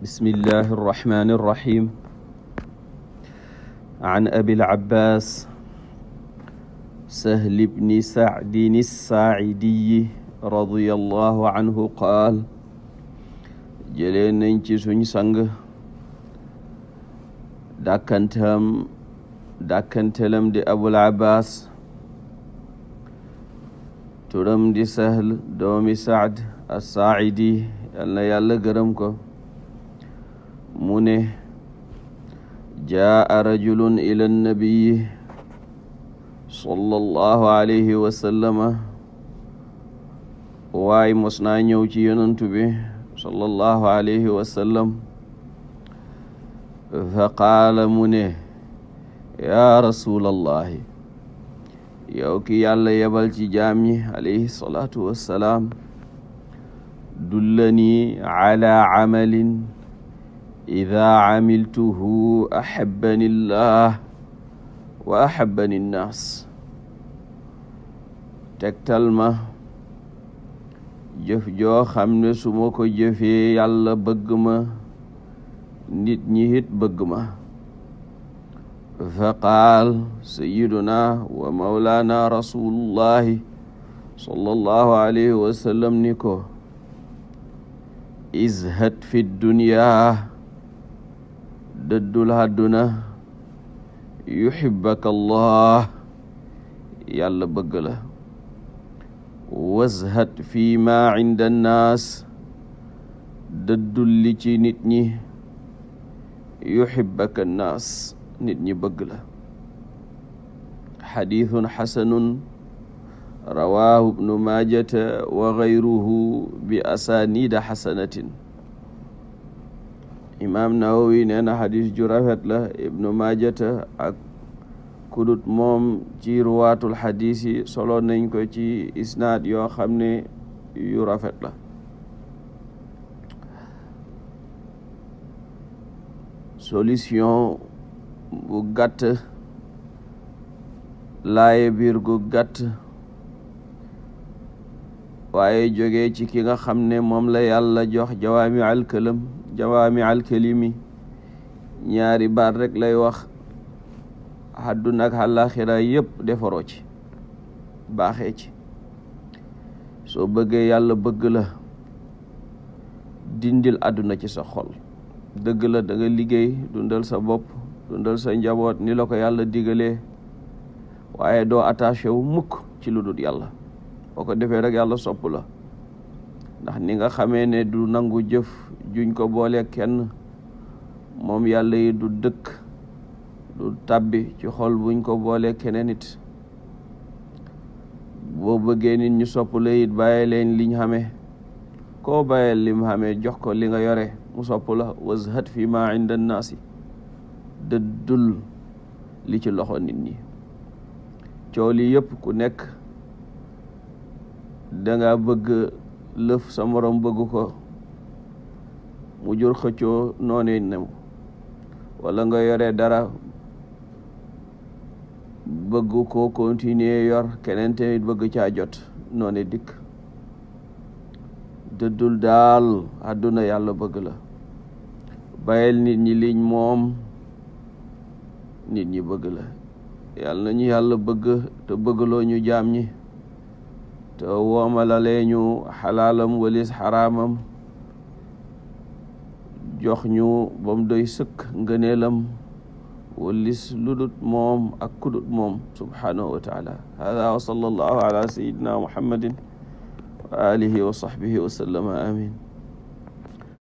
bismillahi arrahmani irrahim an abil abbas sahl bni saadin assaacidiyi radiyallahu anhu qaal jëlee nañ ci suñ sang dàkkantam dàkkantelam di abul abbas turam di sahl doomi saad assaacidi yal na yàlla gërëm ko mu ne jaa rajulun ila nnabiyi sallallahu alayhi wa sallama waay mos naa ñëw ci yonantu bi sallallahu alayhi wa sallam fa qaala mu ne yaa rasulallahi yow ki yàlla yebal ci jaam yi alayhi salaatu wassalaam dullani ala amalin ida camiltuhu axabani llah wa axabani nnaas tegtal ma jëf joo ne su ma ko jëfee yàlla nit ñi it bëgg ma fa qaal sayiduna wa maulana rasulullahi sallallahu alayhi wa sallam ni ko izhad fi dunya dëddul àdduna yuhibbaka allah yàlla bëgg la wazhat fii ma inda annaas dëddul li ci nit ñi yuhibbaka annaas nit ñi bëgg la xadithun xasanun rawaahu ibnu maajata wa gayruhu bi asaanida xasanatin imaam Nawawi nee na xadis ju rafet la ibnu maajata ak kudut moom ci ruwaatul xadis solo nañ ko ci isnaad yoo xam ne yu rafet la solution bu gàtt laaye biir gu gàtt waaye jóge ci ki nga xam ne moom la yàlla jox jawaami alkalam jawaami mi ñaari baat rekk lay wax àdduna ak àllaaxira yëpp defaroo ci baaxee ci soo bëggee yàlla bëgg la dindil àdduna ci sa xol dëgg la danga liggéey dundal sa bopp dundal sa njaboot ni la ko yàlla digalee waaye doo attaché wu mukk ci lu dul yàlla boo ko defee rek yàlla sopp la ndax ni nga xamee ne du nangu jëf juñ ko boole kenn moom yàlla yi du dëkk du tàbbi ci xol buñ ko boole keneen nit boo bëggee nit ñu sopp la it bàyyi leen liñ xame koo bàyyee lim xamee jox ko li nga yore mu sopp la wazhat fi ma inda naasi dëddul li ci loxo nit ñi coow li yëpp ku nekk danga bëgg lëf sa morom bëgg ko mu jur xëccoo noonu new wala nga yore dara bëgg ko continuer yor keneen tamit bëgg caa jot noone dikk dëddul daal àdduna yàlla bëgg la bàyyil nit ñi liñ moom nit ñi bëgg la yàlla na ñu yàlla bëgg te bëggloo ñu jaam ñi te woomalalee ñu xalaalam walis xaraamam jox ñu bam doy sëkk ngëneelam walis ludut moom ak kudut moom subhaanahu wa taala hada wa sallallahu ala sayidina muhammadin wa alihi wa sahbihi wa sallama amin